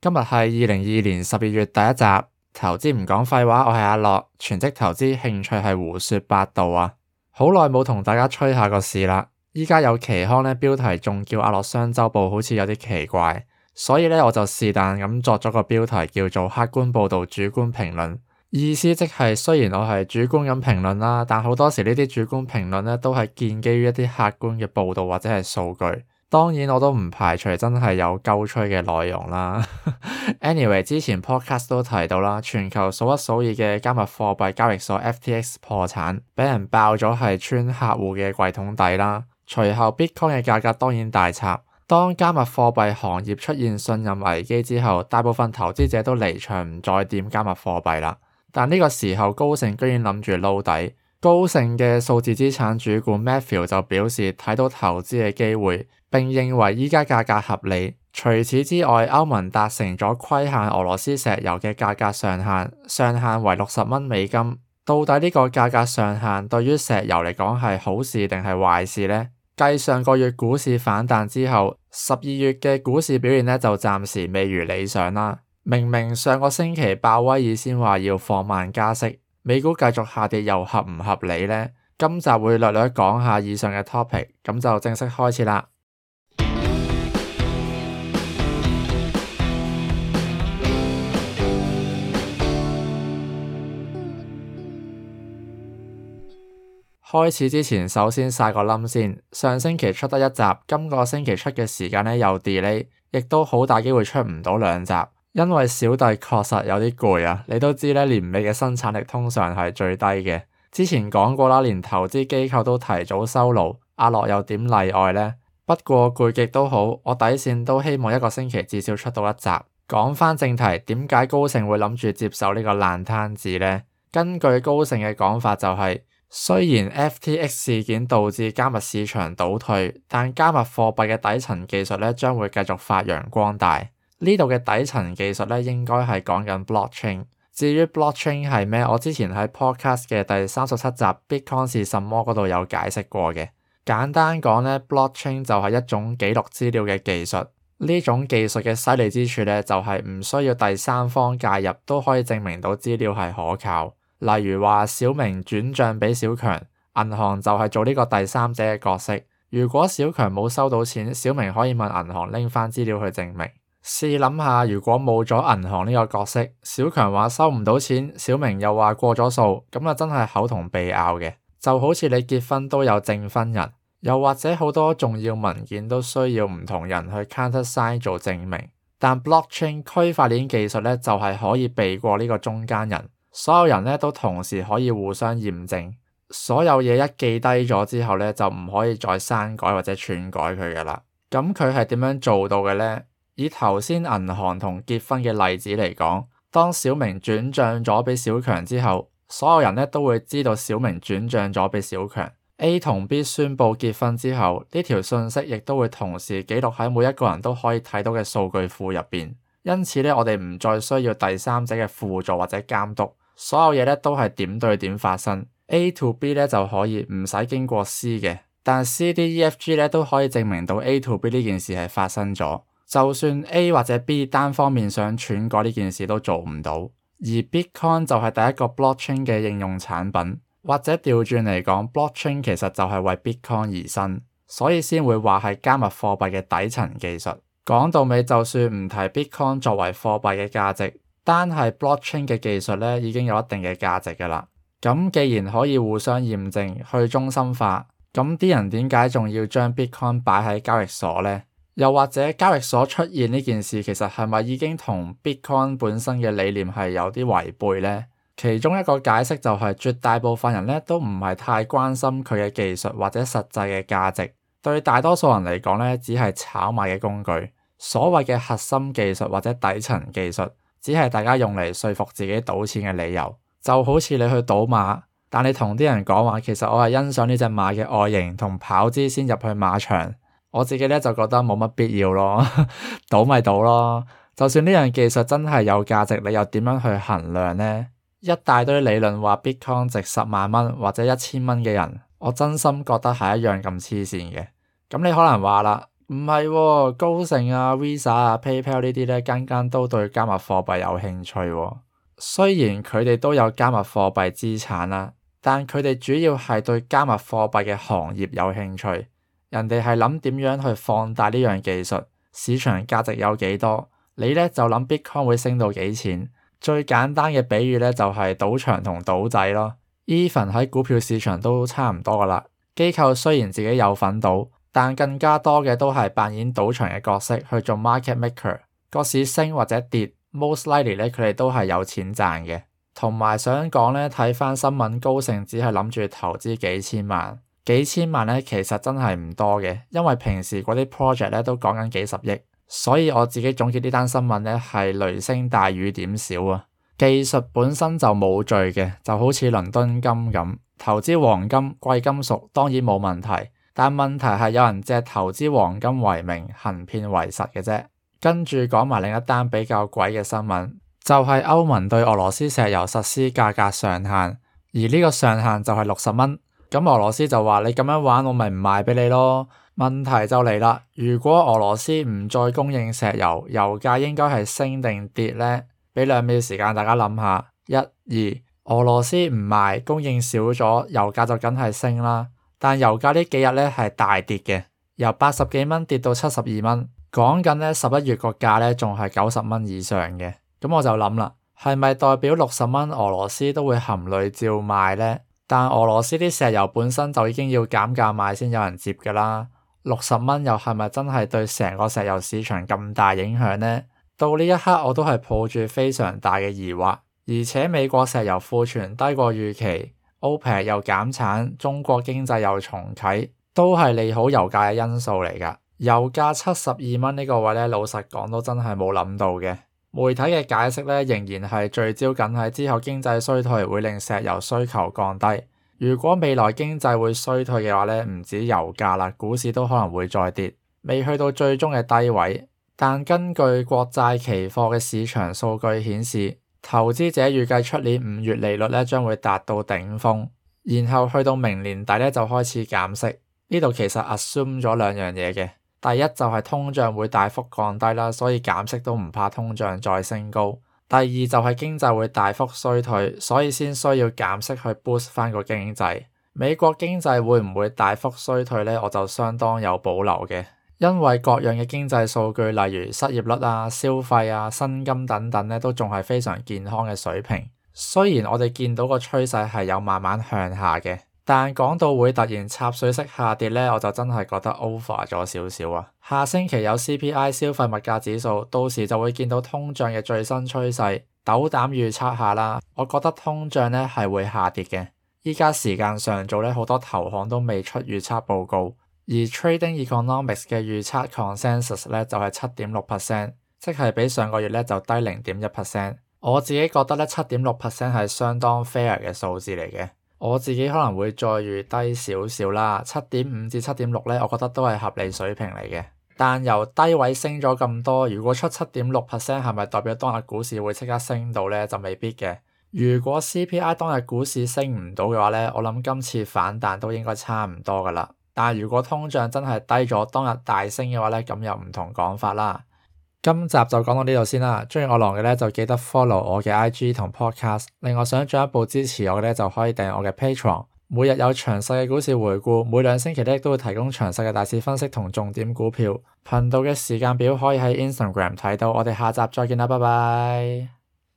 今日係二零二二年十二月第一集，投資唔講廢話，我係阿樂，全職投資，興趣係胡說八道啊！好耐冇同大家吹下個事啦，而家有期刊呢，標題仲叫阿樂雙周報，好似有啲奇怪，所以呢，我就是但咁作咗個標題叫做客觀報道，主觀評論，意思即係雖然我係主觀咁評論啦，但好多時呢啲主觀評論呢，都係建基於一啲客觀嘅報道或者係數據。當然我都唔排除真係有鳩吹嘅內容啦。 Anyway，之前 Podcast 都提到啦，全球數一數二嘅加密貨幣交易所 FTX 破產，俾人爆咗係穿客戶嘅櫃桶底啦。隨後 Bitcoin 嘅價格當然大插。當加密貨幣行業出現信任危機之後，大部分投資者都離場，唔再掂加密貨幣啦。但呢個時候高盛居然諗住撈底。高盛嘅數字資產主管 Matthew 就表示睇到投資嘅機會。並認為依家價格合理。除此之外，歐盟達成咗規限俄羅斯石油嘅價格上限，上限為六十蚊美金。到底呢個價格上限對於石油嚟講係好事定係壞事呢？繼上個月股市反彈之後，十二月嘅股市表現呢就暫時未如理想啦。明明上個星期鮑威爾先話要放慢加息，美股繼續下跌又合唔合理呢？今集會略略講下以上嘅 topic，咁就正式開始啦。開始之前，首先曬個冧先。上星期出得一集，今個星期出嘅時間咧又 delay，亦都好大機會出唔到兩集，因為小弟確實有啲攰啊。你都知咧，年尾嘅生產力通常係最低嘅。之前講過啦，連投資機構都提早收爐，阿樂又點例外呢？不過攰極都好，我底線都希望一個星期至少出到一集。講翻正題，點解高盛會諗住接受呢個爛攤子呢？根據高盛嘅講法，就係，就係。雖然 FTX 事件導致加密市場倒退，但加密貨幣嘅底層技術咧將會繼續發揚光大。呢度嘅底層技術咧應該係講緊 blockchain。至於 blockchain 係咩，我之前喺 podcast 嘅第三十七集 Bitcoin 是什麼嗰度有解釋過嘅。簡單講咧，blockchain 就係一種記錄資料嘅技術。呢種技術嘅犀利之處咧，就係唔需要第三方介入都可以證明到資料係可靠。例如話，小明轉賬俾小強，銀行就係做呢個第三者嘅角色。如果小強冇收到錢，小明可以問銀行拎翻資料去證明。試諗下，如果冇咗銀行呢個角色，小強話收唔到錢，小明又話過咗數，咁啊真係口同鼻拗嘅。就好似你結婚都有證婚人，又或者好多重要文件都需要唔同人去 counter sign 做證明。但 blockchain 區塊鏈技術呢，就係、是、可以避過呢個中間人。所有人呢都同時可以互相驗證，所有嘢，一記低咗之後呢，就唔可以再刪改或者篡改佢噶啦。咁佢係點樣做到嘅呢？以頭先銀行同結婚嘅例子嚟講，當小明轉賬咗畀小強之後，所有人呢都會知道小明轉賬咗畀小強。A 同 B 宣布結婚之後，呢條信息亦都會同時記錄喺每一個人都可以睇到嘅數據庫入邊。因此咧，我哋唔再需要第三者嘅輔助或者監督，所有嘢咧都係點對點發生。A to B 咧就可以唔使經過 C 嘅，但 C、D、E、F、G 咧都可以證明到 A to B 呢件事係發生咗。就算 A 或者 B 單方面想篡改呢件事都做唔到。而 Bitcoin 就係第一個 Blockchain 嘅應用產品，或者調轉嚟講，Blockchain 其實就係為 Bitcoin 而生，所以先會話係加密貨幣嘅底層技術。講到尾，就算唔提 Bitcoin 作為貨幣嘅價值，單係 Blockchain 嘅技術咧已經有一定嘅價值㗎啦。咁既然可以互相驗證、去中心化，咁啲人點解仲要將 Bitcoin 擺喺交易所呢？又或者交易所出現呢件事，其實係咪已經同 Bitcoin 本身嘅理念係有啲違背呢？其中一個解釋就係：絕大部分人呢都唔係太關心佢嘅技術或者實際嘅價值，對大多數人嚟講呢，只係炒賣嘅工具。所謂嘅核心技術或者底層技術，只係大家用嚟說服自己賭錢嘅理由，就好似你去賭馬，但你同啲人講話，其實我係欣賞呢隻馬嘅外形同跑姿先入去馬場，我自己咧就覺得冇乜必要咯， 賭咪賭咯。就算呢樣技術真係有價值，你又點樣去衡量呢？一大堆理論話 Bitcoin 值十萬蚊或者一千蚊嘅人，我真心覺得係一樣咁黐線嘅。咁你可能話啦。唔係喎，高盛啊、Visa 啊、PayPal 呢啲咧，間間都對加密貨幣有興趣喎、哦。雖然佢哋都有加密貨幣資產啦、啊，但佢哋主要係對加密貨幣嘅行業有興趣。人哋係諗點樣去放大呢樣技術，市場價值有幾多？你咧就諗 Bitcoin 會升到幾錢？最簡單嘅比喻咧就係賭場同賭仔咯。Even 喺股票市場都差唔多噶啦。機構雖然自己有份賭。但更加多嘅都係扮演賭場嘅角色去做 market maker。個市升或者跌，most likely 咧，佢哋都係有錢賺嘅。同埋想講咧，睇翻新聞，高盛只係諗住投資幾千萬，幾千萬咧其實真係唔多嘅，因為平時嗰啲 project 咧都講緊幾十億。所以我自己總結呢單新聞咧係雷聲大雨點小啊。技術本身就冇罪嘅，就好似倫敦金咁，投資黃金貴金屬當然冇問題。但問題係有人借投資黃金為名行騙為實嘅啫。跟住講埋另一單比較鬼嘅新聞，就係歐盟對俄羅斯石油實施價格上限，而呢個上限就係六十蚊。咁俄羅斯就話你咁樣玩，我咪唔賣畀你咯。問題就嚟啦，如果俄羅斯唔再供應石油，油價應該係升定跌呢？畀兩秒時間大家諗下，一二，俄羅斯唔賣，供應少咗，油價就梗係升啦。但油價呢幾日呢係大跌嘅，由八十幾蚊跌到七十二蚊。講緊呢十一月個價呢仲係九十蚊以上嘅，咁我就諗啦，係咪代表六十蚊俄羅斯都會含淚照賣呢？但俄羅斯啲石油本身就已經要減價賣先有人接噶啦。六十蚊又係咪真係對成個石油市場咁大影響呢？到呢一刻我都係抱住非常大嘅疑惑，而且美國石油庫存低過預期。OPEC 又減產，中國經濟又重啟，都係利好油價嘅因素嚟㗎。油價七十二蚊呢個位呢，老實講都真係冇諗到嘅。媒體嘅解釋呢，仍然係聚焦緊喺之後經濟衰退會令石油需求降低。如果未來經濟會衰退嘅話呢，唔止油價啦，股市都可能會再跌，未去到最終嘅低位。但根據國債期貨嘅市場數據顯示，投資者預計出年五月利率咧，將會達到頂峰，然後去到明年底咧，就開始減息。呢度其實 assume 咗兩樣嘢嘅，第一就係通脹會大幅降低啦，所以減息都唔怕通脹再升高。第二就係經濟會大幅衰退，所以先需要減息去 boost 翻個經濟。美國經濟會唔會大幅衰退咧？我就相當有保留嘅。因為各樣嘅經濟數據，例如失業率啊、消費啊、薪金等等咧，都仲係非常健康嘅水平。雖然我哋見到個趨勢係有慢慢向下嘅，但講到會突然插水式下跌呢，我就真係覺得 over 咗少少啊。下星期有 CPI 消費物價指數，到時就會見到通脹嘅最新趨勢。斗膽預測下啦，我覺得通脹呢係會下跌嘅。依家時間上早呢，好多投行都未出預測報告。而 Trading Economics 嘅預測 consensus 咧就係七點六 percent，即係比上個月咧就低零點一 percent。我自己覺得咧七點六 percent 係相當 fair 嘅數字嚟嘅。我自己可能會再預低少少啦，七點五至七點六咧，我覺得都係合理水平嚟嘅。但由低位升咗咁多，如果出七點六 percent，係咪代表當日股市會即刻升到咧？就未必嘅。如果 CPI 當日股市升唔到嘅話咧，我諗今次反彈都應該差唔多㗎喇。但如果通脹真係低咗，當日大升嘅話呢，咁又唔同講法啦。今集就講到呢度先啦。鍾意我郎嘅呢，就記得 follow 我嘅 IG 同 Podcast。另外想進一步支持我嘅呢，就可以訂閱我嘅 Patreon。每日有詳細嘅股市回顧，每兩星期呢，都會提供詳細嘅大市分析同重點股票。頻道嘅時間表可以喺 Instagram 睇到。我哋下集再見啦，拜拜。